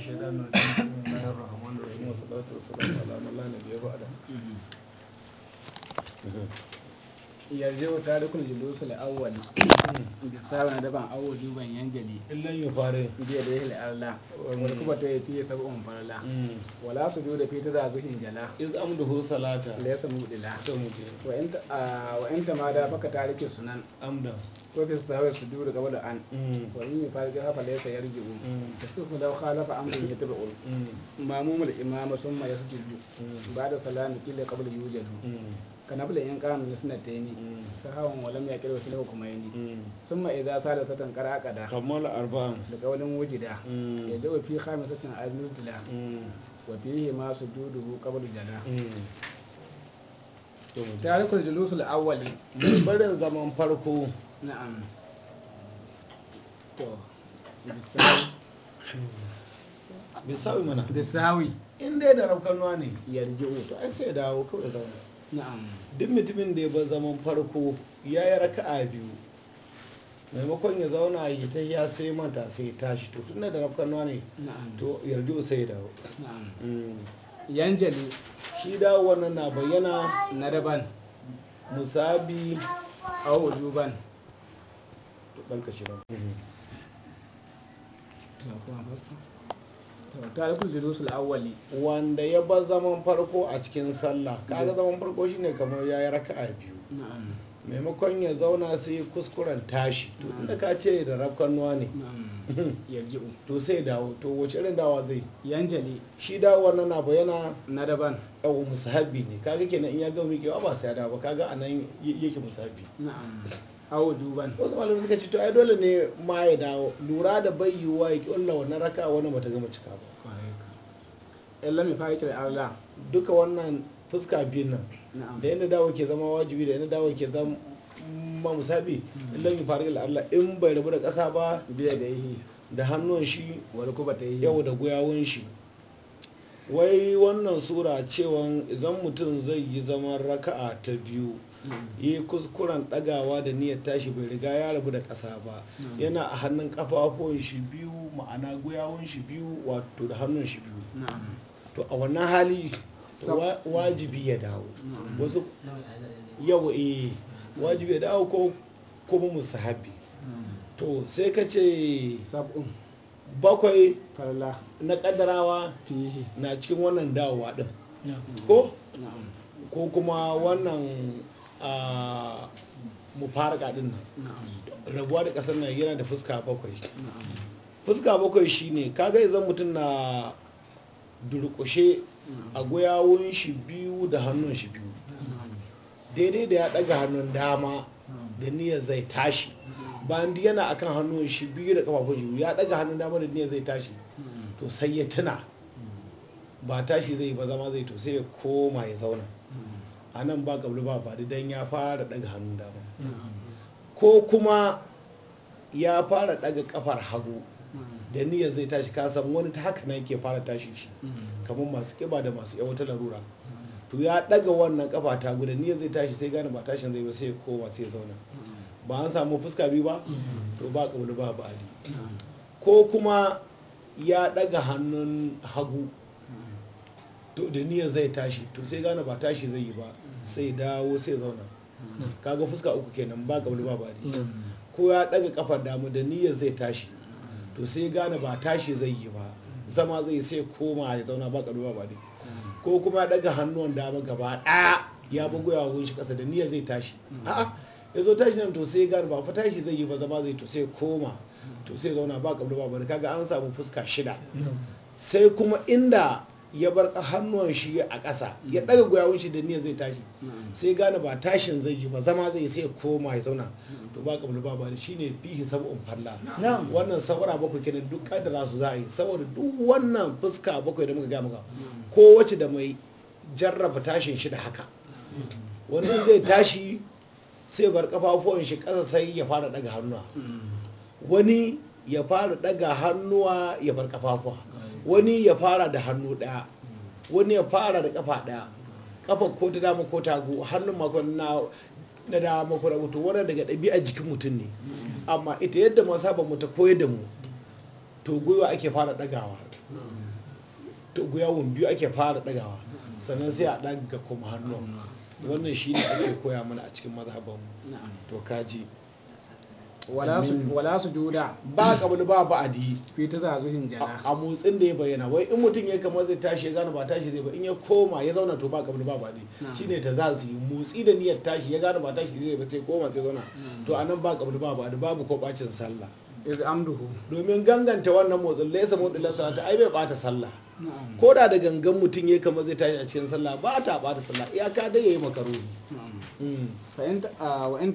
Bismillahirrahmanirrahim wa salatu wa salamu ala man la nabiyya ba'da. yarje wa tarikul julus al-awwal bi sawan da ban awwal juban yanjali illan yufare bi da yahil Allah. Mm. Wani kuma ta yati ya tabu umfarala mm. wala su da fita a zuhin jala iz amduhu salata laysa mudila wa anta wa anta ma da baka tarike sunan amda ko fi sawa su duru gaba da an mm. wa in yufare ga fa laysa yarji'u tasufu law khalafa amrun yatabu mamumul imama summa yasjudu ba da salami kila qabla yujadu kanabla in kanu na suna ta yi mm. sahawan walam ya kira wasu kuma yi mm. sun ma iza sa da satan kara akada kamar arba'an da kawalin mm. wujida ya da wafi khamis satan al-nuzdila wa fihi ma sujuduhu qabla jana tarikul julusul awwali barin zaman farko na'am to bisawi mana bisawi in dai da raukan ne yarji'u to ai sai dawo kawai zauna duk mutumin da ya ba zaman farko ya yi raka'a biyu maimakon ya zauna ya ta ya sai mata sai ya tashi to tun da nwa ne to yardu sai ya dawo mm. yanjali shi dawo wannan na bayyana na daban musabi au juban to ɗan kashi ba tarikul julusul awwali wanda ya ba zaman farko a cikin sallah kaga zaman farko shine kamar yayi raka'a biyu maimakon ya zauna sai kuskuren tashi to inda ka ce da rafkanuwa ne ya to sai dawo to wace irin dawa zai yanjali shi dawo na na bayana na daban yawon musahabi ne kaga kenan in ya ga mikewa ba sai ya dawo kaga anan yake musahabi awo duban wasu malamai suka ce to ai dole ne ma ya dawo lura da bai yiwuwa ya kyalla wannan raka wani bata gama cika ba illa mai da Allah duka wannan fuska biyun nan da yadda dawo ke zama wajibi da yadda dawo ke zama musabi illa mai da Allah in bai rabu da ƙasa ba biya da yi da hannun shi wani kuma ta yi yau da guyawun shi wai wannan sura cewa idan mutum zai yi zaman raka'a ta biyu yi kuskuren ɗagawa da niyyar tashi bai riga ya rabu da ƙasa ba yana a hannun kafafuwan shi biyu ma'ana guyawun shi biyu wato da hannun shi biyu to a wannan hali wajibi ya dawo wasu yawa eh wajibi ya dawo ko kuma musahabi to sai ka ce bakwai na kadarawa na cikin wannan dawowa din ko kuma wannan mu fara gaɗin nan rabuwa da ƙasar nan yana da fuska bakwai fuska bakwai shi shine kaga zan mutum na durƙushe a goyawun shi biyu da hannun shi biyu daidai da ya ɗaga hannun dama da niyyar zai tashi ba bayan yana akan hannun shi biyu da kafafun shi ya ɗaga hannun dama da niyyar zai tashi to sai ya tuna ba tashi zai ba zama zai to sai ya koma ya zauna a nan ba gabli ba faru dan ya fara daga hannun dama ko kuma ya fara daga kafar hagu da niyya zai tashi kasan wani ta haka nan ke fara tashi shi kamar masu kiba da masu ta larura to ya daga wannan kafa ta guda niyya zai tashi sai gane ba tashin zai ba sai koma sai zauna ba an samu fuska biyu ba to ba kabulu ba ba ko kuma ya daga hannun hagu to da niyan zai tashi to sai gane ba tashi zai yi ba sai dawo sai zauna kaga fuska uku kenan ba gaba ba bari ko ya daga kafar damu da niyan zai tashi to sai gane ba tashi zai yi ba zama zai sai koma ya zauna ba gaba ba bari ko kuma daga hannuwan dama gaba ɗaya ya bugu ya wunshi kasa da niyan zai tashi a'a ya zo tashi nan to sai gane ba fa tashi zai yi ba zama zai to sai koma to sai zauna ba gaba ba bari kaga an samu fuska shida sai kuma inda ya bar hannuwan shi a ƙasa ya mm. ɗaga gwiwawun shi da niyyar zai tashi mm. sai gane ba tashin zai yi ba zama zai sai koma ya zauna mm. to ba kabul ba bani shine fihi sab'un falla wannan sabara bakwai kenan duk kaddara su za a yi saboda duk wannan fuska bakwai da muka ga muka ko wace da mai jarraba tashin shi da haka wannan zai tashi sai bar kafafuwan shi ƙasa sai ya fara ɗaga hannuwa wani ya fara ɗaga hannuwa ya bar kafafuwa wani ya fara da hannu ɗaya wani ya fara da kafa ɗaya kafa ko ta dama ko ta hagu hannun makon na na dama ko ragu to wannan daga ɗabi'ar jikin mutum ne amma ita yadda ma saba mu ta koyar da mu to gwiwa ake fara ɗagawa to wun biyu ake fara ɗagawa sannan sai a ɗaga kuma hannun wannan shi ne ake koya mana a cikin mazhabanmu to kaji wala su juda ba kabul ba ba'adi fi ta zazuhin jana a motsin da ya bayyana wai in mutum ya kamar zai tashi ya gane ba tashi zai ba in ya koma ya zauna to ba kabul ba ba'adi adi shine ta za su yi motsi da niyyar tashi ya gane ba tashi zai ba sai koma sai zauna to anan ba kabul ba ba adi babu ko bacin sallah domin ganganta wannan motsin laysa mudilan salata ai bai bata sallah ko da da gangan mutum ya kama zai tashi a cikin sallah ba ta bata sallah iyaka dai yayi makaroni hmm. ah, wa in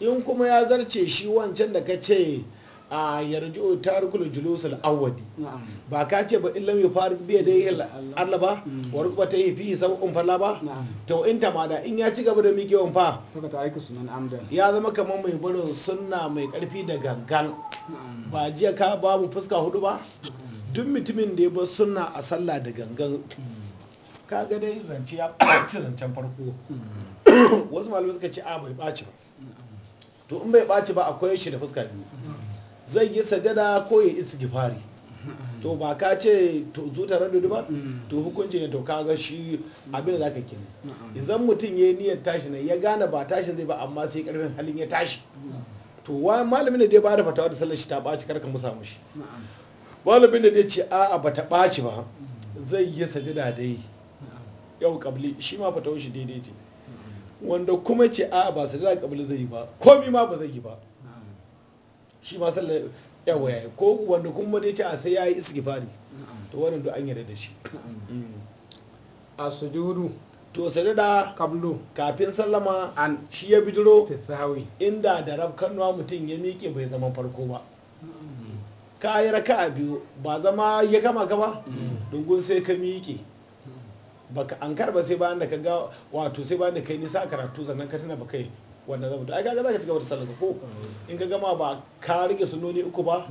in kuma ya zarce shi wancan da ka ce a yarju tarikul julusul awwali ba ka ce ba illam ya faru biya da mm. Allah ba mm. wa rukba ta yi fi sabqun falla ba to in ta mada in ya ci gaba da miƙewan fa ya zama kamar mai barin sunna mai karfi da gangan ba jiya ka ba mu fuska hudu ba duk mutumin da ya bar sunna a sallah da gangan mm. ka ga dai zance ya ɓaci zancen farko wasu malamai suka ce a bai ɓaci ba to in bai ɓaci ba akwai shi da fuska biyu zai yi sajada ko ya isgifari to ba ka ce to zuta radu ba mm. to hukuncin ya to ga shi abin da zaka kine idan mutum ya niyyar tashi ne ya gane ba tashi zai ba amma sai karfin halin ya tashi to wa malamin da dai ba da fatawa da sallar shi ta ɓaci karka musa mushi malamin da dai ce a'a bata ɓaci ba mm. zai yi sajada dai yau kabli shi ma fatawar shi daidai ce wanda kuma ce a'a ba sajada kabli zai yi ba komai ma ba zai yi ba shi ma sallar yawa yi. ko wanda kuma wani ce a sai ya yayi fari? to wannan duk an yi da shi a sujudu to sai da kablo kafin sallama an shi ya bidiro inda da rabkanwa mutum ya miƙe bai zama farko ba ka yi raka a biyu ba zama ya kama ka ba mm. dungun sai ka miƙe mm. baka an karba sai bayan da ka ga wato sai bayan da kai nisa karatu sannan ka tana kai wannan zama to ai kaga zaka ci gaba da sallar ko in ka gama ba ka rike sunoni uku ba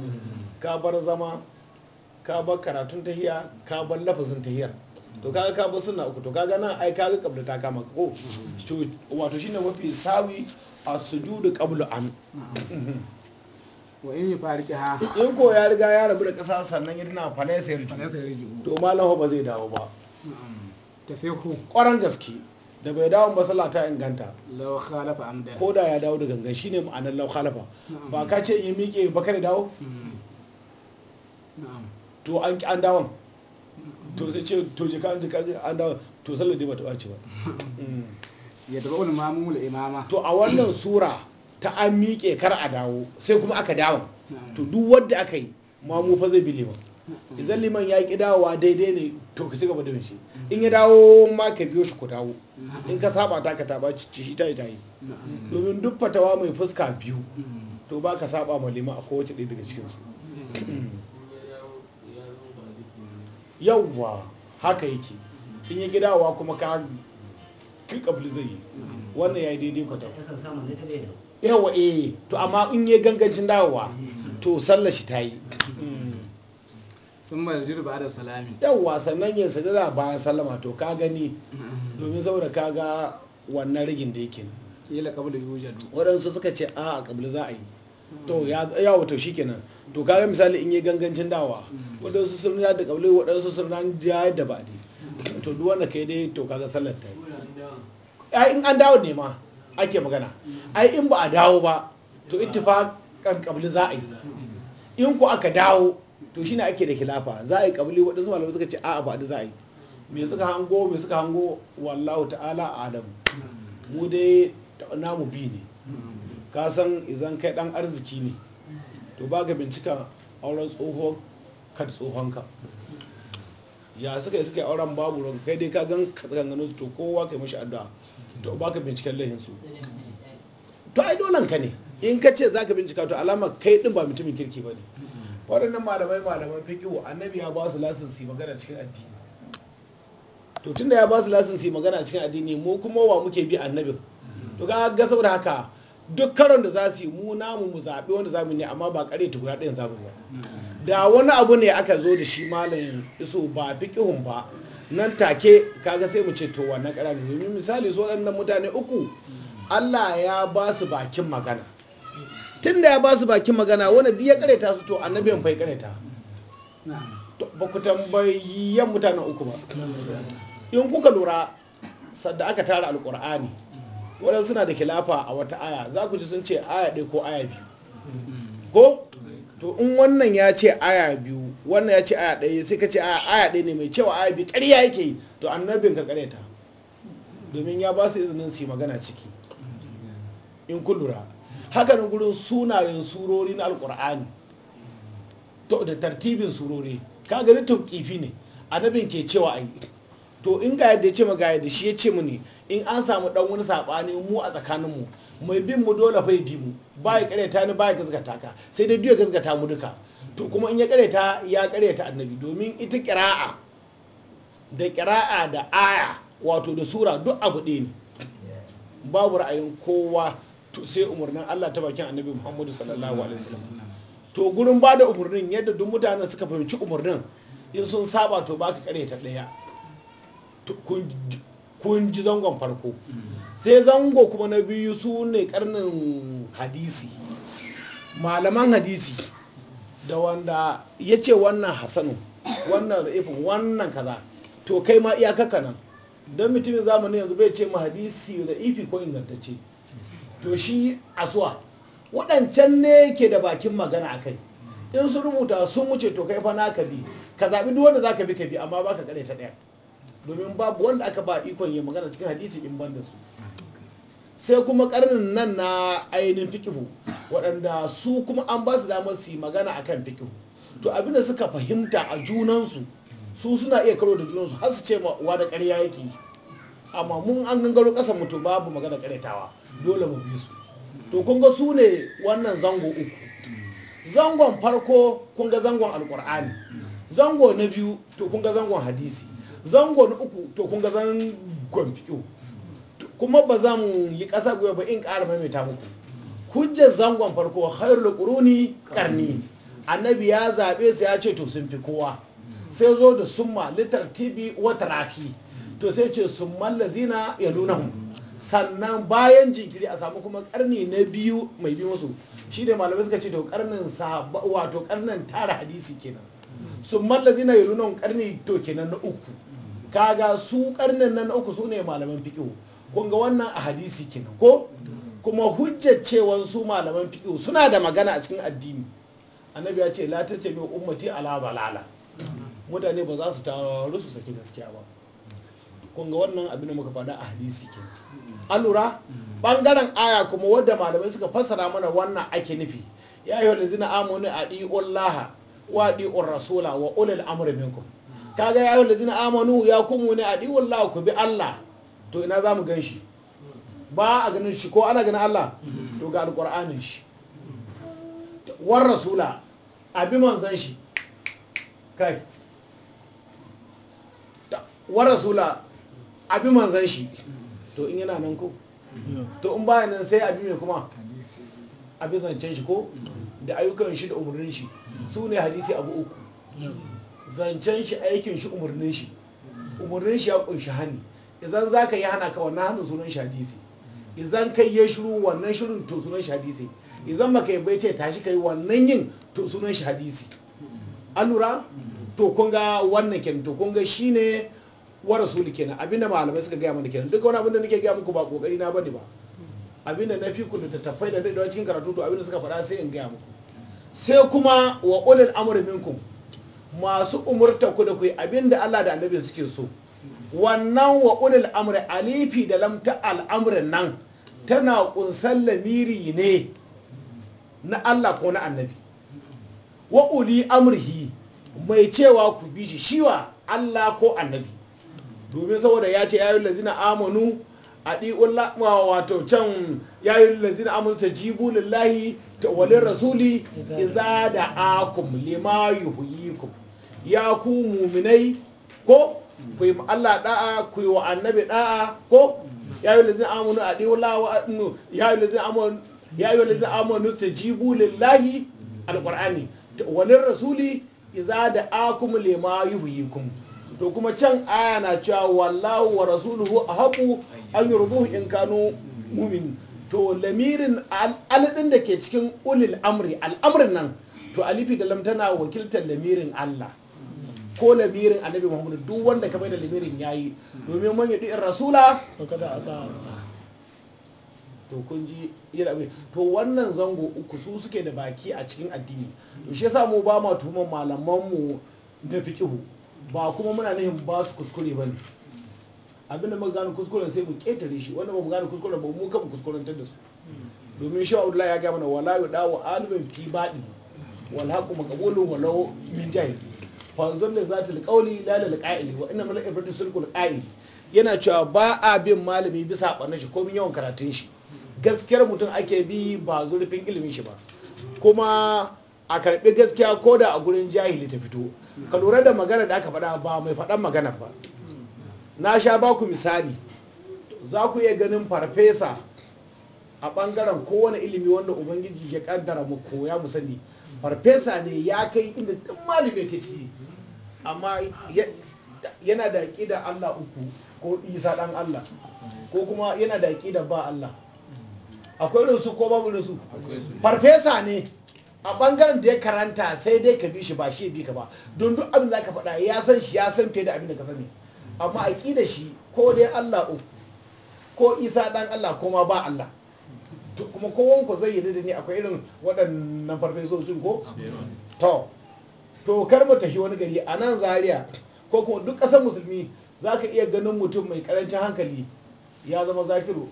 ka bar zama ka bar karatun tahiya ka bar lafazin tahiyar to kaga ka bar sunna uku to kaga nan ai kaga kabla ta kama ko wato shine mafi sawi a sujudu qablu an wa in in ko ya riga ya rabu da kasa sannan ya tana falaisa to malam ba zai dawo ba ta sai ku kwaran gaske da bai dawo masala ta inganta ko da ya dawo da gangan shine ma'anar laukhalafa ba ka ce in ya miƙe ba ka da dawo to an an dawon to sai ce to je ka an an dawo to sallar dai ba ta ɓace ba mm. ya taba wani mamumul imama to a wannan sura ta an miƙe kar a dawo sai kuma aka dawo to duk wanda aka yi mamu fa zai bi ba. idan liman ya ki dawowa daidai ne to ka ci gaba da bin shi in ya dawo ma ka biyo shi ku dawo in ka saba ta ka taba ci shi ta yi yi domin duk fatawa mai fuska biyu to ba ka saba ma liman a kowace ɗaya daga cikinsu yawwa haka yake in ya gidawa kuma ka Ki kabli zai yi wannan ya yi daidai kwata yawa eh to amma in ya gangancin dawowa to sallar shi ta yi sun maljir ba da salami yawwa wasannan yin sadara bayan sallama to ka gani mm-hmm. domin saboda ka ga wannan rigin da yake kila kabla yujadu waɗansu suka ce a a kabla za a yi to mm-hmm. ya wato shi kenan to ka ga misali in yi gangancin dawa mm-hmm. waɗansu sun da kabla waɗansu sun ran da da ba ne to duk wanda kai dai to ga sallar ta ai in an dawo ne ma ake magana ai in ba a dawo ba to kan kabla za a yi in ku aka dawo to shine ake da khilafa za a yi kabili waɗansu malamai suka ce a'a ba da za a yi me suka hango me suka hango wallahu ta'ala alam mu dai namu bi ne ka san idan kai dan arziki ne to ba ga bincika auren tsohon ka ya suka suka yi auren babu ranka kai dai ka gan ka tsangano to kowa kai mashi addu'a to ba ka binciken lahin su to ai dolan ka ne in ka ce za ka bincika to alama kai din ba mutumin kirki ba ne waɗannan malamai malaman fiƙihu annabi ya ba su lasinsi magana cikin addini to tunda ya ba su lasinsi magana cikin addini mu kuma wa muke bi annabi? to ga ga saboda haka duk karon da za su yi mu namu mu zaɓi wanda za mu ne amma ba ƙare ta guda ɗayan za mu ba da wani abu ne aka zo da shi malam iso ba fiƙihun ba nan take kaga sai mu ce to wannan ƙara misali su waɗannan mutane uku Allah ya ba su bakin magana tun da ya ba su bakin magana wani duk ya kareta su to annabiyan fai kareta ba ku tambayi yan mutane uku ba in kuka lura sadda aka tara alkur'ani wadda suna da kilafa a wata aya za ku ji sun ce aya ɗaya ko aya biyu ko to in wannan ya ce aya biyu wannan ya ce aya ɗaya sai ka ce aya ɗaya ne mai cewa aya biyu ƙarya yake yi to annabin ka ƙareta domin ya ba su izinin su yi magana ciki in kun lura haka gurin sunayen surori na alkur'ani to da tartibin surori ka gani tauƙifi ne annabin ke cewa yi. to in ga yadda ya ce ma shi ya ce mu in an samu dan wani sabani mu a tsakanin mu mai bin mu dole fa bi mu ba ya kareta ni ba ya gazgata ka sai dai duya gazgata mu duka to kuma in ya kareta ya kareta annabi domin ita kira'a da kira'a da aya wato da sura duk abu ɗaya ne babu ra'ayin kowa sai umarnin Allah ta bakin annabi Muhammadu sallallahu alaihi wasallam to gurin ba da umarnin yadda duk mutanen suka fahimci umarnin in sun saba to baka kare ta daya kun ji zangon farko sai zango kuma na biyu su ne karnin hadisi malaman hadisi da wanda ya ce wannan hasanu wannan za'ifin wannan kaza to kai ma iyakaka nan don mutumin zamani yanzu bai ce ma hadisi za'ifi ko ingantacce to shi asuwa waɗancan ne ke da bakin magana a kai in su rubuta sun wuce to kai fa naka bi ka zaɓi duk wanda zaka bi ka bi amma baka kare ta ɗaya domin babu wanda aka ba ikon yin magana cikin hadisi in banda su sai kuma karnin nan na ainihin fikihu waɗanda su kuma an ba su damar su yi magana a kan fikihu to abinda suka fahimta a junansu su suna iya karo da junansu har su ce wa da ƙarya yake amma mun an gangaro ƙasar mutu babu magana karetawa dole mu bi su to kun ga su ne wannan zango uku zangon farko kun ga zangon alkur'ani zango na biyu to kun ga zangon hadisi zango na uku to kun ga zangon fiƙo kuma ba za mu yi ƙasa gwiwa ba in ƙara maimaita muku hujjar zangon farko har ƙuruni ƙarni annabi ya zaɓe su ya ce to sun fi kowa sai zo da summa tibi wata raki to sai ce malla zina ya lunahum sannan bayan jinkiri a samu kuma karni na biyu mai bi musu shi ne malamai suka ce to karnin wato karnin tara hadisi kenan malla zina ya lunahum karni to kenan na uku kaga su karnin nan na uku su ne malaman fiƙo kun ga wannan a hadisi kenan ko kuma hujjar su malaman fiƙo suna da magana a cikin addini annabi ya ce la tace bi ummati ala balala mutane ba za su taru su saki gaskiya ba kun ga wannan abin da muka faɗa a hadisi ke alura bangaren aya kuma wadda malamai suka fassara mana wannan ake nufi ya yi wani zina amuni a laha wa ɗi'un rasula wa ulil amur minkum kaga ya yi wani zina amuni ya kuma ne a ɗi'un laha ku bi allah to ina za mu gan shi ba a ganin shi ko ana ganin allah to ga alƙur'anin shi war rasula abin bi manzan shi kai war rasula abi manzan shi to in yana nan ko to in baya nan sai abi mai kuma abi zancen shi ko da ayyukan shi da umarnin shi su ne hadisi abu uku zancen shi aikin shi umarnin shi umarnin shi ya kunshi hani idan za ka yi hana ka wannan hannun sunan shi hadisi idan kai ya shiru wannan shirin to sunan shi hadisi idan maka yi bai ce tashi kai wannan yin to sunan shi hadisi an lura to kun ga wannan kenan to kun ga shine wa rasuli kenan abinda malamai suka gaya mana kenan duk wani abinda nake gaya muku ba kokari na bane ba abinda na fi ku da tattafai da daidaiwa cikin karatu to abinda suka faɗa sai in gaya muku sai kuma wa ulil amri minkum masu umurta ku da ku abinda Allah da annabi suke so wannan wa ulil amri alifi da lamta al'amrin nan tana kunsan lamiri ne na Allah ko na annabi wa uli amrihi mai cewa ku bi shi shiwa Allah ko annabi domin saboda ya ce yayin lazina amanu a ɗi'un wato can yayin lazina amanu ta jibu lillahi ta walin rasuli iza da akum lima yuhuyikum ya ku muminai ko ku yi Allah da'a ku yi wa annabi da'a ko ya yi lazin amonu a ɗi wulawa yayin yi amonu ya yi lazin amonu ta jibu lillahi alƙur'ani wani rasuli iza da akum lema yuhuyikum to kuma can aya na cewa wallahu wa rasuluhu a haku an rubuhu in kanu mu'min to lamirin aladin da ke cikin ulil amri al'amrin nan to alifi da lam tana wakiltar lamirin Allah ko lamirin annabi Muhammadu duk wanda ka da lamirin yayi domin man in rasula to kun ji to wannan zango uku su suke da baki a cikin addini to shi yasa mu ba ma tuhumar malaman mu na fiqihu ba kuma muna nihin ba su kuskure ba ne abin da muka gano kuskuren sai mu ketare shi wanda ba mu gano kuskuren ba mu kama kuskurantar da su domin shi Abdullahi ya ga mana wala dawo alubin fi baɗi wala haqu maqbulu wala min jahil fanzur li zatil qawli la lil qa'ili wa inna mal ibratu sulqul qa'ili yana cewa ba a bin malami bisa ɓarnar shi komin yawan karatun shi gaskiyar mutum ake bi ba zurfin ilimin shi ba kuma a karɓi gaskiya ko da a gurin jahili ta fito ka lura da magana da aka faɗa ba mai faɗan magana ba na sha ba ku misali za ku iya ganin farfesa a ɓangaren kowane ilimi wanda ubangiji ya kaddara mu koya mu sani farfesa ne ya kai inda duk malami ke ciki amma yana da Allah uku ko isa ɗan Allah ko kuma yana da ba Allah akwai rinsu ko babu rinsu farfesa ne a bangaren da ya karanta sai dai ka bi shi ba shi ya bi ka ba don duk abin da ka faɗa ya san shi ya san fiye da abin da ka sani amma a ƙi da shi ko dai Allah uku, ko Isa ɗan Allah ko ma ba Allah kuma kowan ku zai yi da ni akwai irin waɗannan farfesoshin ko to to kar mu tafi wani gari a nan Zariya, ko kuma duk ƙasar musulmi za ka iya ganin mutum mai karancin hankali ya zama zakiru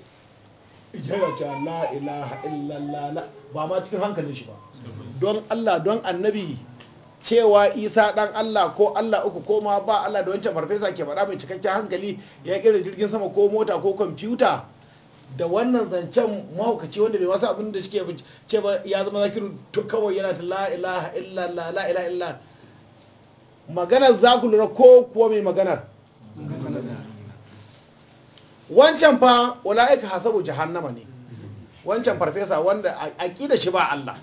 yana la ilaha illallah ba ma cikin hankalin shi ba don Allah don annabi cewa isa dan Allah ko Allah uku ko ma ba Allah da wancan farfesa ke faɗa mai cikakken hankali ya kira jirgin sama ko mota ko kwamfuta da wannan zancen mahaukaci wanda bai wasu abin da suke ce ba ya zama zakiru to kawai yana ta la ilaha illallah la ilaha illallah maganar za ku lura ko kuwa mai maganar wancan fa ula'ika hasabu jahannama ne wancan farfesa wanda aqida shi ba Allah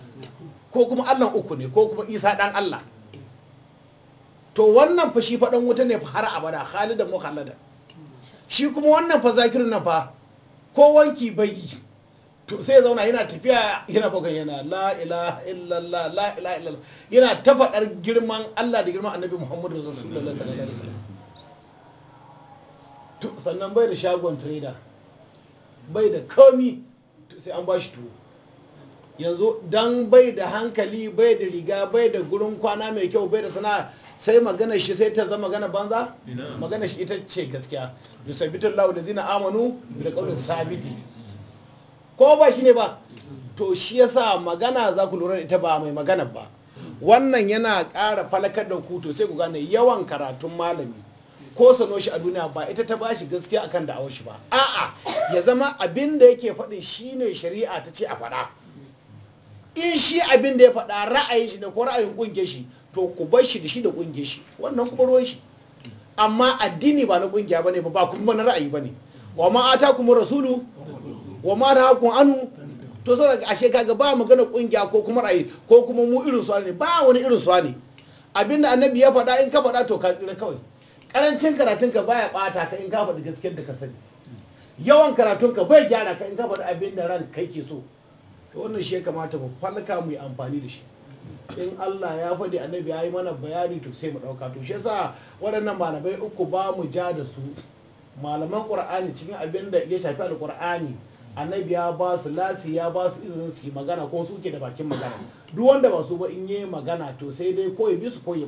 ko kuma Allah uku ne ko kuma Isa dan Allah to wannan fa shi fadan wuta ne fa har abada khalidan mukhalladan shi kuma wannan fa zakirin nan fa ko wanki bai yi to sai ya zauna yana tafiya yana bakan yana la ilaha illallah la ilaha illallah yana ta faɗar girman Allah da girman Annabi Muhammadu sallallahu alaihi wasallam sannan bai da shagon trader bai da komi sai an bashi tuwo yanzu don bai da hankali bai da riga bai da gurin kwana mai kyau bai da sana'a sai magana shi sai ta zama magana banza magana shi ita ce gaskiya yusabitul lau da zina amanu da kaunin sabiti ko ba shi ne ba to shi yasa magana za ku lura ita ba mai magana ba wannan yana ƙara falakar da ku to sai ku gane yawan karatun malami ko sano shi a duniya ba ita ta bashi gaskiya akan da shi ba a'a ya zama abin da yake faɗi shine shari'a ta ce a faɗa in shi abin da ya faɗa ra'ayin shi ne ko ra'ayin kungiyar shi to ku bar shi da shi da kungiyar shi wannan kuma ruwan shi amma addini ba na kungiya ba ne ba kuma na ra'ayi ba ne wa ma ata kuma rasulu wa ma da hakun anu to saboda ashe kaga ba magana kungiya ko kuma ra'ayi ko kuma mu irin su ne ba wani irin su ne abinda annabi ya faɗa in ka faɗa to ka tsira kawai karancin ka baya bata ka in ka faɗi gaskiyar da ka sani yawan ka bai gyara ka in ka faɗi abin da ran kai ke so wannan shi ya kamata mu falka mu yi amfani da shi in Allah ya faɗi annabi ya yi mana bayani to sai mu ɗauka to shi yasa waɗannan malamai uku ba mu ja da su malaman qur'ani cikin abin da ya shafi alqur'ani annabi ya ba su lasi ya ba su izinin su yi magana ko suke da bakin magana duk wanda ba su ba in yi magana to sai dai ko ya bi su ko ya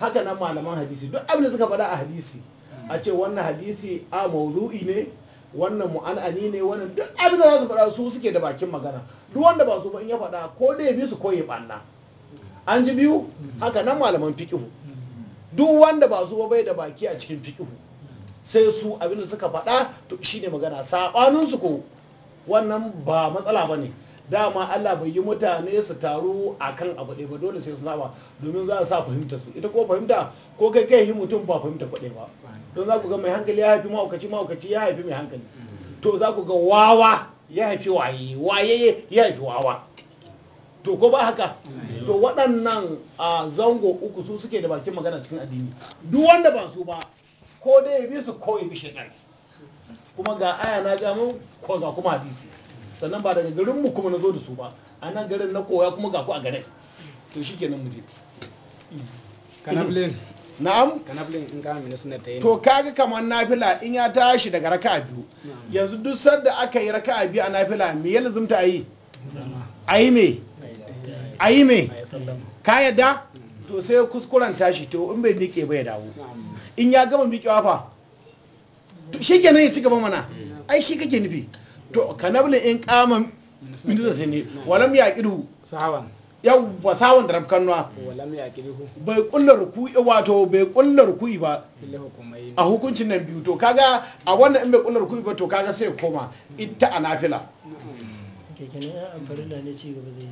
haka nan malaman hadisi duk abin da suka faɗa a hadisi a ce wannan hadisi a maudu'i ne wannan mu'an'ani ne wannan duk abin da za su faɗa su suke da bakin magana duk wanda ba su ba in ya faɗa ko da ya bi su ko ya banna an ji biyu haka nan malaman fiqhu duk wanda ba su ba bai da baki a cikin fiqhu sai su abin da suka faɗa to shine magana saɓaninsu ko wannan ba matsala bane dama Allah bai yi mutane su taru akan abu ɗaya ba dole sai su saba domin za a sa fahimta su ita ko fahimta ko kai kai yi mutum ba fahimta kuɗe ba don za ku ga mai hankali ya haifi ma'aukaci ma'aukaci ya haifi mai hankali to za ku ga wawa ya haifi waye waye ya haifi wawa to ko ba haka to waɗannan a zango uku su suke da bakin magana cikin addini duk wanda ba su ba ko dai ya bi su ko ya bi shekar kuma ga aya na ja ko ga kuma hadisi sannan ba daga garinmu kuma na zo da su ba a nan garin na koya kuma ga ku a garin to shi kenan muje kanablin na'am kanablin in ka mina suna ta yi to kaga kamar nafila in ya tashi daga raka'a biyu yanzu duk da aka yi raka'a biyu a nafila me ya lazumta a yi a yi me a yi me ka yadda to sai kuskuren tashi to in bai miƙe ba ya dawo in ya gama miƙewa fa shi kenan ya ci gaba mana mm. ai shi kake nufi to kanabli in kama mintusa sai ne walam ya kidu sahaban yau ba sawan da rafkan nuwa walam ya kidu bai kullar ruku'i wato bai kullar ruku'i ba a hukuncin nan biyu to kaga a wannan in bai kullar ruku'i ba to kaga sai koma ita a nafila da ne ci gaba zai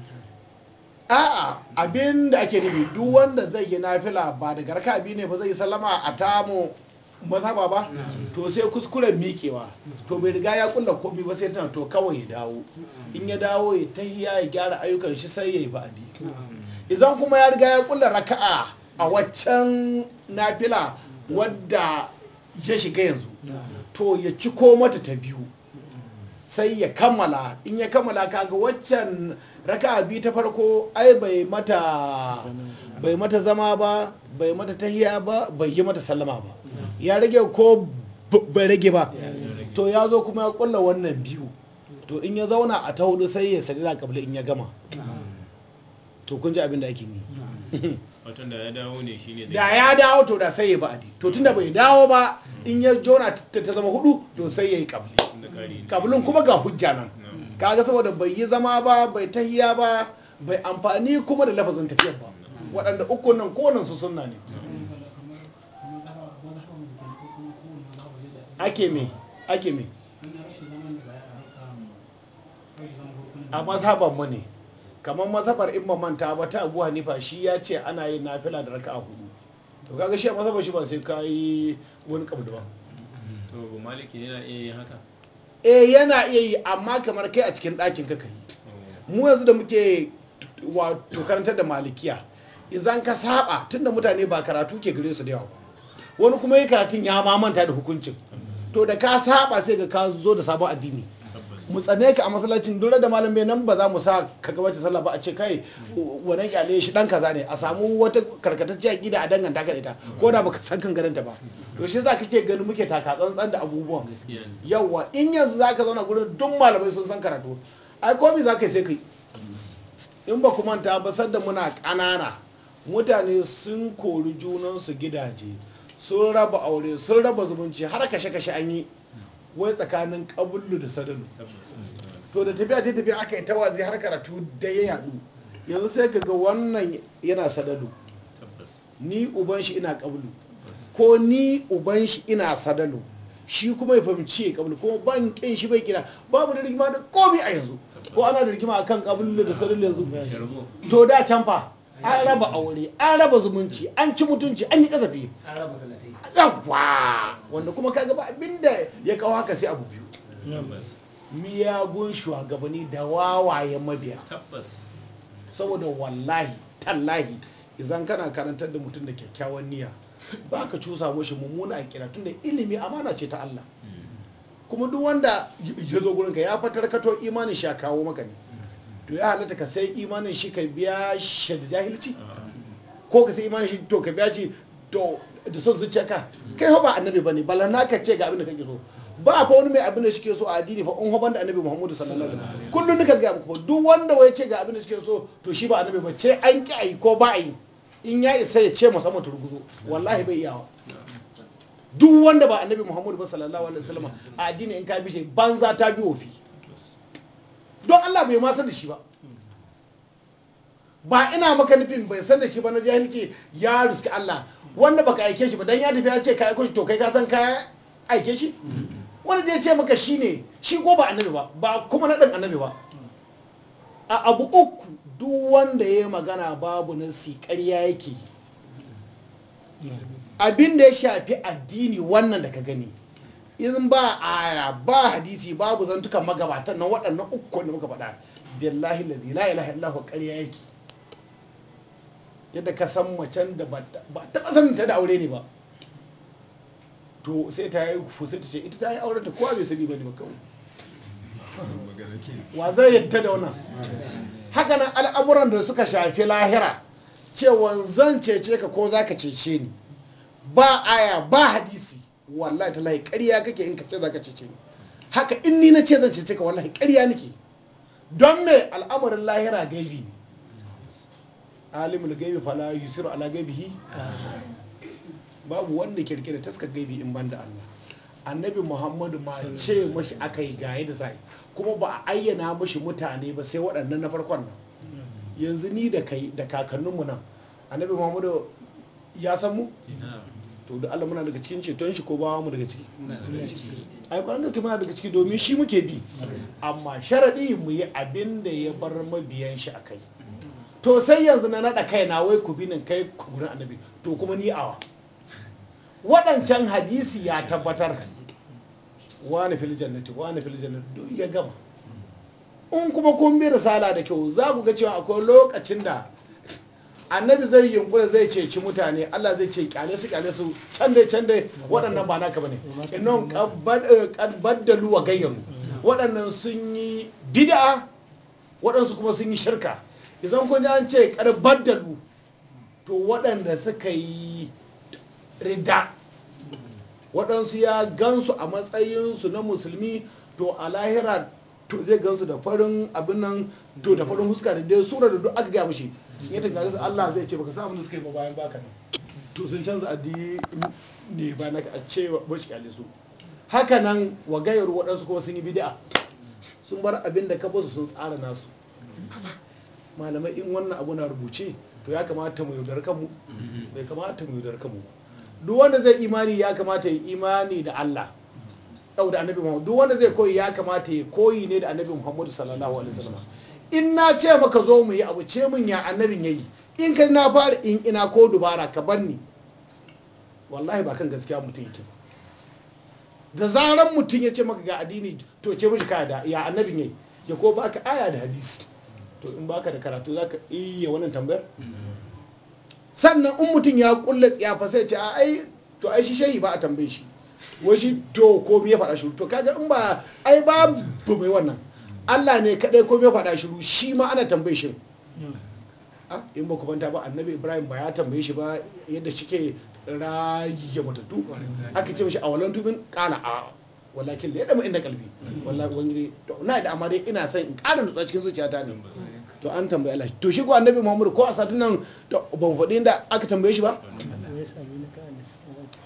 a'a abin da ake nufi duk wanda zai yi nafila ba daga raka biyu ne ba zai yi sallama a tamu mazhaba ba to sai kuskuren miƙewa to bai riga ya kunna komi ba sai tana to kawai ya dawo in ya dawo ya tahiya ya gyara ayyukan shi sai ya yi ba'adi idan kuma ya riga ya kunna raka'a a waccan nafila wadda ya shiga yanzu to ya ci ko mata ta biyu sai ya kammala in ya kammala kaga waccan raka'a biyu ta farko ai bai mata bai mata zama ba bai mata tahiya ba bai yi mata sallama ba ya rage ko bai rage ba to ya zo kuma ya kulla wannan biyu to in ya zauna a ta hudu sai ya sadira kabla in ya gama to kun ji abin da ake yi da ya dawo ne shine da ya dawo to da sai ya ba'adi to tunda bai dawo ba in ya jona ta zama hudu to sai ya yi kabli kablin kuma ga hujja nan kaga saboda bai yi zama ba bai tahiya ba bai amfani kuma da lafazin tafiyar ba waɗanda uku nan kowanne su sunna ne ake me ake me a mazhaban mu ne kamar mazhabar in manta ba ta abu hanifa shi ya ce ana yin nafila da raka'a hudu to kaga shi a mazhabar shi ba sai ka yi wani kabdu ba to maliki yana iya yin haka eh yana iya yi amma kamar kai a cikin ɗakin ka kai mu yanzu da muke wato karantar da malikiya idan ka saba tunda mutane ba karatu ke gare su da yawa wani kuma yi karatun ya mamanta da hukuncin to da ka saba sai ga ka zo da sabon addini mu tsane ka a masallacin dole da malam nan ba za mu sa ka gabata sallah ba a ce kai wannan kyale shi dan kaza ne a samu wata karkatacciya gida a danganta ka ita ko da baka san kan garanta ba to shi za ke gani muke taka tsantsan da abubuwan yawa in yanzu za ka zauna gurin duk malamai sun san karatu ai ko komai za yi sai kai in ba kuma ta ba sadda muna ƙanana mutane sun kori junansu gidaje sun raba aure sun raba zumunci har kashe-kashe an yi wai tsakanin kabullu da sadalu to da tafiya ta tafiya aka yi ta wazi har karatu da ya yadu yanzu sai ga wannan yana sadalu ni uban shi ina kabullu ko ni uban shi ina sadalu shi kuma ya fahimci ya kabullu kuma ban kin shi bai kira babu da rigima da komi a yanzu ko ana da rigima akan kabullu da sadalu yanzu to da can fa an raba aure an raba zumunci an ci mutunci an yi kazafi yawa wanda kuma kaga abin abinda ya kawo haka sai abu biyu miyagun shugabanni da wawaye mabiya saboda wallahi tallahi idan kana karantar da mutum da kyakkyawan niyya ba ka cusa mushi mummuna a kira tunda ilimi amana ce ta Allah hmm. kuma duk wanda ya zo gurinka ya fatar kato imanin shi ya kawo maka ne to ya halatta ka sai imanin shi ka biya shi da jahilci ah. ko ka sai imanin shi to ka biya shi to da son zuciya ka kai ba annabi bane balana ka ce ga abin da kake so ba fa wani mai abin da ke so a addini fa in hoban da annabi Muhammadu sallallahu alaihi wasallam kullun nika ga muku duk wanda wai ce ga abin da ke so to shi ba annabi ba ce an ki ai ko ba ai in ya isa ya ce musamman turguzo wallahi bai iyawa duk wanda ba annabi Muhammadu sallallahu alaihi wasallam a addini in ka bi shi banza ta bi fi. don Allah bai ma san da shi ba ba ina maka nufin bai san da shi ba na jahilci ya ruski Allah wanda baka aike shi ba dan ya tafi ya ce kai aiko to kai ka san ka aike shi wanda da ya ce maka shi shi ko ba annabi ba ba kuma na ɗan annabi ba a abu uku duk wanda ya magana babu nasi ƙarya yake abin da ya shafi addini wannan da ka gani in ba aya ba hadisi babu zantukan magabatan nan waɗannan uku da muka faɗa billahi lazi la ilaha illahu ƙarya yake yadda ka san macen da ba ta sanin ta da aure ne ba to sai ta yi sai ta ce ita ta yi aure ta kowa bai sani ba ne ba kawai wa zai yadda da wannan haka nan al'amuran da suka shafi lahira cewa zan cece ka ko za ka cece ni ba aya ba hadisi wallahi tallahi ƙarya kake in ka ce za ka cece ni haka in ni na ce zan cece ka wallahi ƙarya nake don me al'amarin lahira gaibi ne alimul gaibi fala yusiru ala gaibihi babu wanda kirkira da taskar gaibi in banda Allah annabi muhammadu ma ce mashi aka yi gaye da zai kuma ba a ayyana mashi mutane ba sai waɗannan na farkon nan yanzu ni da kai da kakanninmu nan annabi muhammadu ya san mu to da Allah muna daga cikin ceton shi ko ba mu daga ciki ai kwanan gaske muna daga ciki domin shi muke bi amma sharadi mu yi abin da ya bar mabiyan shi a kai to sai yanzu na naɗa kai na wai ku binin kai ku gurin annabi to kuma ni awa waɗancan hadisi ya tabbatar wani fil jannati wani fil jannati duk ya gama in kuma kun bi risala da kyau za ku ga cewa akwai lokacin da annabi zai yunkura zai ceci mutane Allah zai ce kyale su kyale su can dai can dai waɗannan ba naka bane inon qad eh, wa gayyaru waɗannan sun yi bid'a waɗansu kuma sun yi shirka idan kun ji an ce qad to waɗanda suka yi rida waɗansu ya gansu a matsayinsu na musulmi to a lahira to zai gansu da farin abin nan to da farin huska da dai surar da duk aka gaya mushi ya tunkari su Allah zai ce baka sa abin da suka yi ba bayan baka nan to sun canza addini ne ba na a ce ba shi kyale su haka nan wa gayar waɗansu kuma sun yi bid'a sun bar abin da ka basu sun tsara nasu malamai in wannan abu na rubuce to ya kamata mu yaudar kanmu bai kamata mu yaudar kanmu duk wanda zai imani ya kamata ya imani da Allah yau da annabi Muhammad duk wanda zai koyi ya kamata ya koyi ne da annabi Muhammadu sallallahu alaihi wasallam in na ce maka zo mu yi abu ce mun ya annabin yayi in ka na fara in ina ko dubara ka bar ni wallahi ba kan gaskiya mutum yake da zaran mutum ya ce maka ga addini to ce mishi kada ya annabin yayi ya ko baka aya da hadisi to in baka da karatu zaka iya wannan tambayar sannan in mutum ya kulla tsiyafa sai ce a ai to ai shi shayi ba a tambaye shi wai shi to ko me ya faɗa shi to kaga in ba ai ba mai wannan Allah ne kadai ko me faɗa shiru shi ma ana tambaye shi hmm. in ba ku fanta ba annabi ibrahim ba ya tambaye shi ba yadda shike rayige matattu aka ce mishi a walan tubin kala a walakin da ya dama inda kalbi wallahi wani to na da amma dai ina son in ƙara nutsa cikin zuciyata ne to an tambaye Allah to shi ko annabi Muhammad ko a satin nan ban faɗi inda aka tambaye shi ba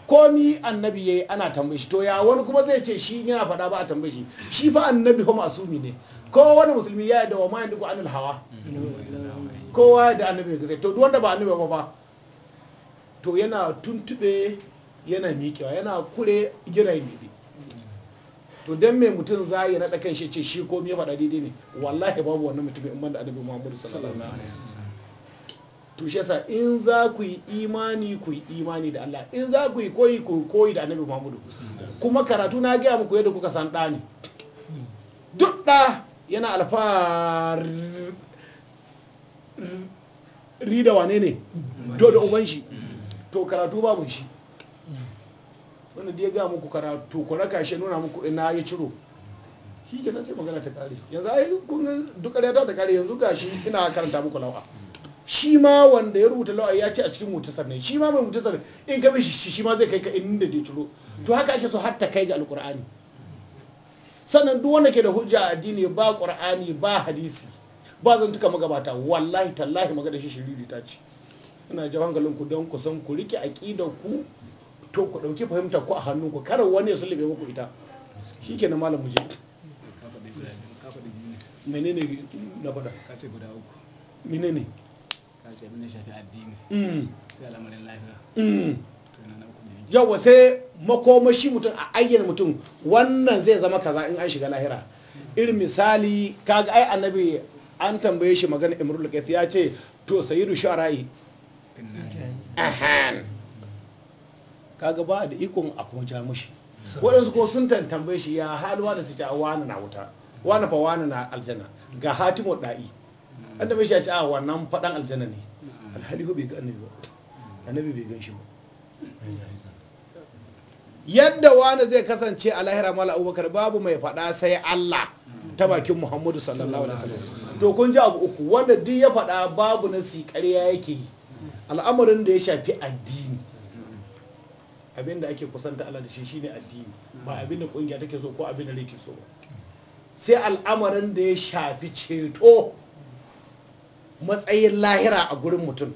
komi annabi yayi ana tambaye shi to ya wani kuma zai ce shi yana faɗa ba a tambaye shi shi fa annabi fa masumi ne kowane musulmi ya yadda wa ma yanzu anil hawa kowa ya da annabi gaskiya to duwanda wanda ba annabi ba fa to yana tuntube yana miƙewa yana kure gina daidai to dan me mutum za ya naɗa kan shi ce shi ko me faɗa daidai ne wallahi babu wannan mutum in banda annabi Muhammadu sallallahu alaihi wasallam to shi yasa in za ku yi imani ku yi imani da Allah in za ku yi koyi ku koyi da annabi Muhammadu kuma karatu na gaya muku yadda kuka san ɗa ne duk ɗa yana alfahari da wane ne do da uban shi to karatu babu shi wanda da ya ga muku karatu ko raka shi nuna muku ina ya ciro shi kenan sai magana ta kare yanzu ai kun ga duk ta ta kare yanzu gashi ina karanta muku lawa shi ma wanda ya rubuta lawa ya ce a cikin mutasar ne shi ma mai mutasar in ka bi shi shi ma zai kai ka inda da ya ciro to haka ake so har ta kai ga alkur'ani sannan duk wanda ke da hujja a addini ba qur'ani ba hadisi ba zan tuka magabata wallahi tallahi magana shi shiriri ta ce ina jawo hankalin ku don ku san ku rike aqidar ku to ku dauki fahimta ku a hannun ku kar wani ya sulube muku ita shikenan malam muje menene na bada ka ce guda uku menene ka ce abin shafi addini mm. sai al'amarin lafiya mm. to na uku yawa sai makomashi mutum a ayyana mutum wannan zai zama kaza in an shiga lahira irin misali kaga ai annabi an tambaye shi magana imrul qais ya ce to sayyidu shu'ara'i ahan kaga ba da ikon a kuma ja mushi waɗansu ko sun tambaye shi ya halwa da su ce ah, wani na wuta wani fa wani na aljanna ga hatimu da'i an tambaye shi ya ce a ah, wannan faɗan aljanna ne alhali bai ga annabi ba annabi bai gan shi ba yadda wani zai kasance a lahira mala abubakar babu mai faɗa sai Allah ta bakin Muhammadu sallallahu alaihi wasallam to kun ji abu uku wanda duk ya faɗa babu na ƙarya yake yi al'amarin da ya shafi addini abin da ake kusanta Allah da shi shine addini ba abin da kungiya take so ko abin da rike so ba sai al'amarin da ya shafi ceto matsayin lahira a gurin mutum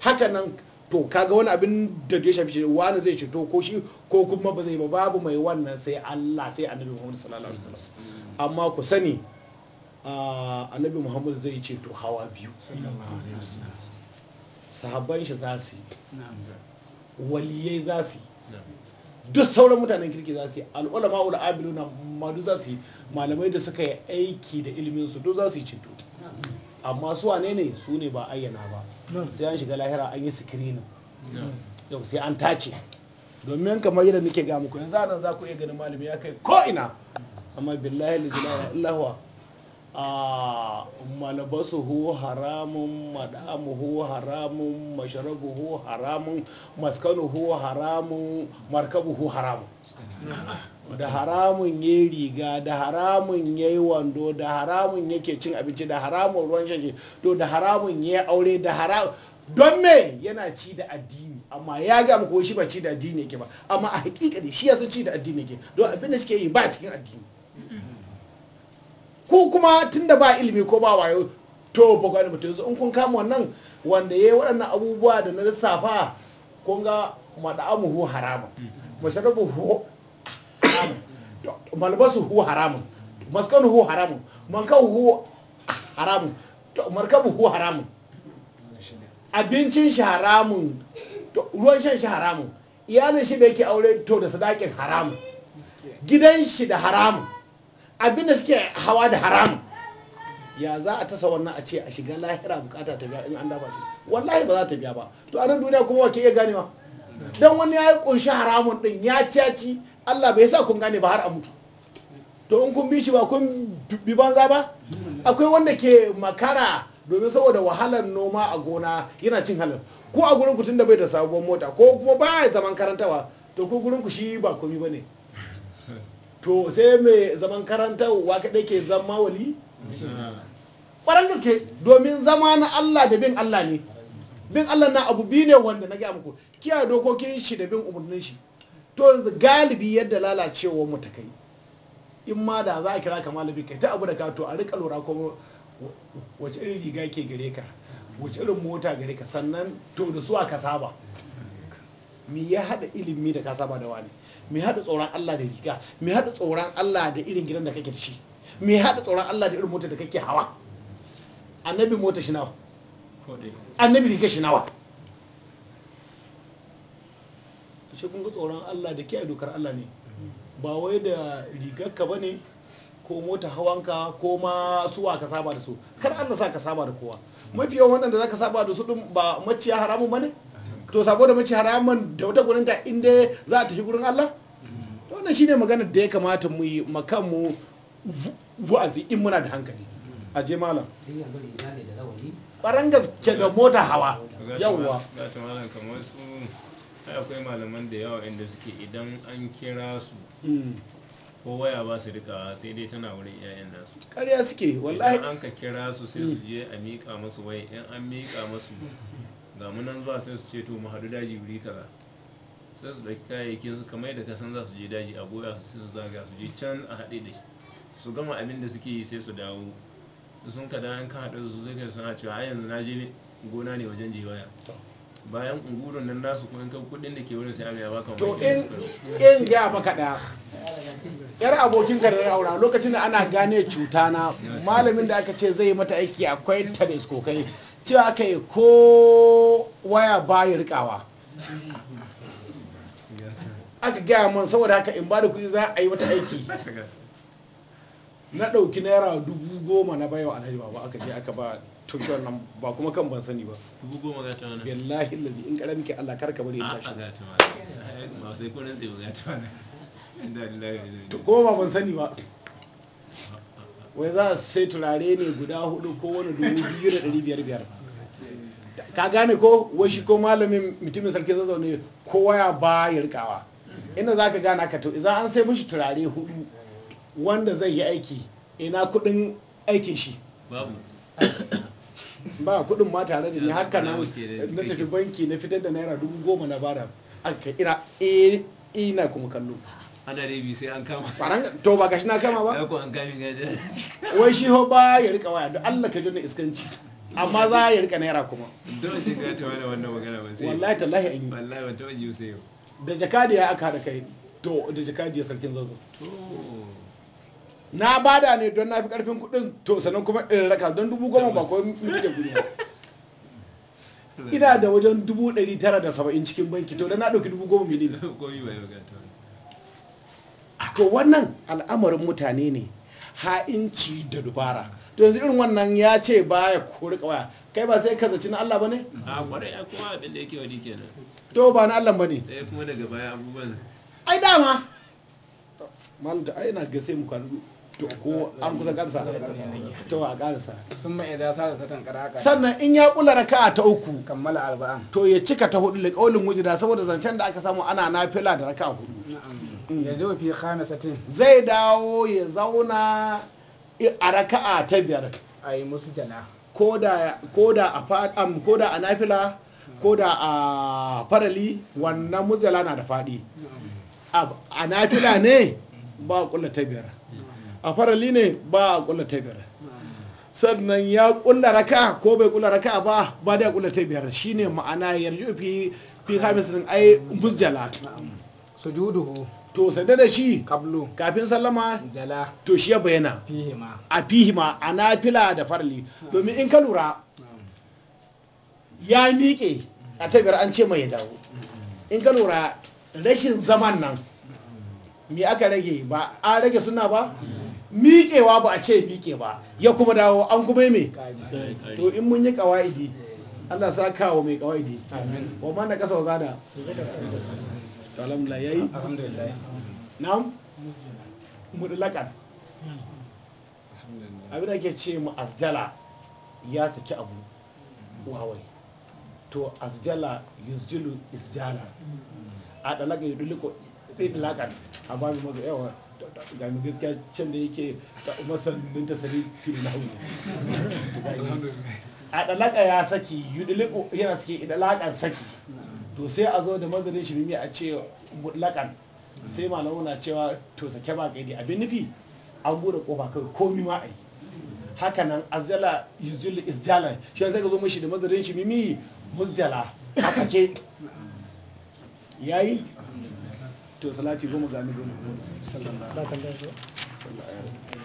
hakanan to kaga wani abin da ya shafi wani zai ceto ko shi ko kuma ba zai ba babu mai wannan sai Allah sai annabi Muhammad sallallahu alaihi wasallam amma ku sani annabi Muhammad zai ceto hawa biyu sahabban shi za su yi waliyai za su yi duk sauran mutanen kirki za su yi al'ulama ul abiluna madu za su yi malamai da suka yi aiki da ilimin su duk za su yi ceto amma su wane ne su ne ba ayyana ba sai an shiga lahira an yi sikirinin yau sai an tace domin kamar yadda nake ga muku yanzu nan za ku iya ganin malami ya kai ko ina amma billahi la illahu a hu haramun hu haramun hu haramun hu haramun markabu hu haramun da haramun ya riga da haramun ya yi wando da haramun yake cin abinci da haramun ruwan shashi to da haramun ya aure da haramun don me yana ci da addini amma ya ga ko shi ba ci da addini yake ba amma a hakika ne shi ya san ci da addini yake don abin da suke yi ba cikin addini ko kuma tunda ba ilimi ko ba wayo to ba ga mutum in kun kama wannan wanda ya yi waɗannan abubuwa da na lissafa kun ga mada'amuhu harama? haramun hu haramun hu haramun hu haramun hu haramun abincin shi haramun ruwan shan shi haramun iyalin shi da yake aure to da sadakin haramun gidan shi da haramun abinda suke hawa da haramun ya za a tasa wannan a ce a shiga lahira bukata ta biya in an dafa shi wallahi ba za ta biya ba to a nan duniya kuma wa ke iya ganewa dan wani ya yi kunshi haramun din ya ci ya ci Allah bai sa kun gane ba har a mutu to in kun bi shi ba kun bi banza ba akwai wanda ke makara domin saboda wahalar noma a gona yana cin halar ko a gurin tun da bai da sabon mota ko kuma ba zaman karantawa to ko gurin ku shi ba komi ba to sai mai zaman wa kadai ke zama wali ƙwarar gaske domin zama na Allah da bin Allah ne bin Allah na abu biyu ne wanda na gaya muku kiyaye dokokin shi da bin umarnin shi to yanzu galibi yadda lalacewar mu ta kai in ma da za a kira ka malibi kai ta abu da kato to a rika lura ko wace irin riga ke gare ka wace irin mota gare ka sannan to da su aka saba me ya hada ilimi da ka saba da wani me hada tsoron Allah da riga me hada tsoron Allah da irin gidan da kake da shi me hada tsoron Allah da irin mota da kake hawa annabi mota shi nawa annabi riga shi nawa shi kun ga tsoron Allah da kiyaye dokar Allah ne ba wai da rigarka ba ne ko mota hawanka ko ma suwa ka saba da su kar Allah sa ka saba da kowa mafi yawan waɗanda za ka saba da su ɗin ba maciya haramun ba ne to sabo da maciya haramun da wata ta inda za a tafi gurin Allah to wannan shine magana da ya kamata mu yi mu wa'azi in muna da hankali a je malam ɓaran gaske da mota hawa yawwa akwai malaman da yawa inda suke idan an kira su hmm. ko waya ba su rika sai dai tana wurin iyayen nasu ƙarya suke wallahi idan an ka kira su sai su hmm. je a miƙa masu waya in an miƙa masu ga munan zuwa sai su ce to mu haɗu daji wuri kaza sai su ɗauki kayayyakin su kamar yadda kasan za su je daji a goya su sai su zaga su je can a haɗe da shi su gama abin da suke yi sai su dawo sun ka da an ka haɗu su sai ka suna cewa a yanzu na je gona ne wajen jewaya bayan ungurun nan nasu kuma in kan kudin da ke wurin sai abu ya baka to in in ga maka da yar abokin ka da aura lokacin da ana gane cuta na malamin da aka ce zai mata aiki akwai ta da cewa aka ko waya ya rikawa aka gaya man saboda haka in ba da kuɗi za a yi mata aiki na ɗauki naira dubu goma na bayawa alhaji ba aka je aka ba tushiyar nan ba kuma kan ban sani ba dubu goma ga tawana billahi lazi in karamin ke Allah karka bari ya tashi ga tawana ba sai ko nan sai ga tawana inda lillahi to goma ban sani ba wai za a sai turare ne guda hudu ko wani dubu biyu da ɗari biyar biyar ka gane ko wai ko malamin mutumin sarki zazzaune kowa ya ba ya rikawa inda za ka gane ka to idan an sai mishi turare hudu wanda zai yi aiki ina kudin aikin shi ba kudin ma tare da ni haka na na tafi banki na fitar da naira dubu goma na bada aka ina eh, ina kuma kallo ana rebi sai an kama faran to ba gashi na kama ba ko an kami gaje wai shi ho ba ya rika waya don Allah ka jona iskanci amma za ya rika naira kuma dole ji ga ta wannan magana ba sai wallahi tallahi an yi wallahi ban taba ji sai da jakadiya aka haɗa kai to da jakadiya sarkin zazzau na bada ne don na fi karfin kuɗin to sannan kuma in raka don dubu goma ba ko da gudu ba ina da wajen dubu ɗari tara da saba'in cikin banki to da na ɗauki dubu goma miliyan to wannan al'amarin mutane ne ha'inci da dubara to yanzu irin wannan ya ce baya ko rika waya kai ba sai ka zaci na Allah bane a kwarai ya kuma abin da yake wani kenan to ba na Allah bane sai kuma daga baya abubuwan ai dama malam da ai na ga sai mu kwanu to an kusa kansa a sannan in ya kula raka'a ta uku kammala to ya cika ta hudu liqaulin wujda saboda zancen da aka samu ana nafila da hudu zai dawo ya zauna a raka'a ta biyar musu a fadam koda a a farali wannan mujala na da fadi a nafila ne ba kula ta biyar a farali ne ba a kulla ta biyar sannan ya kulla raka ko bai kulla raka ba ba da ya kulla ta biyar shine ma'ana yarju fi fi hamis din ai musjala sujuduhu to sanda da shi kablu kafin sallama jala to shi ya bayyana a fihima a nafila da farali domin in ka lura ya miƙe a ta biyar an ce mai dawo in ka lura rashin zaman nan me aka rage ba a rage suna ba miƙewa ba a ce miƙe ba ya kuma dawo an kuma yi mai to in mun yi kawaidi Allah sa kawo mai kawaidi wa ma na ƙasa wa zada to alhamdulillah yayi na'am mudlakan abin da ke ce mu asjala ya saki abu wawai to asjala yusjilu isjala a dalaka yuduliko ɗin lakan a ba mu mazu yawa ga mu gaskiya can da yake masannin ta sari fili na hausa a dalaka ya saki yudiliku yana suke idalakan saki to sai a zo da mazarin shi bimi a ce mutlakan sai malamu na cewa to sake ba gaidi abin nufi an bude kofa kai komi ma a yi haka nan azala yuzul isjala shi zai ka zo mashi da mazarin shi mimi musjala a sake yayi to salati goma ga ni goma sallallahu alaihi wasallam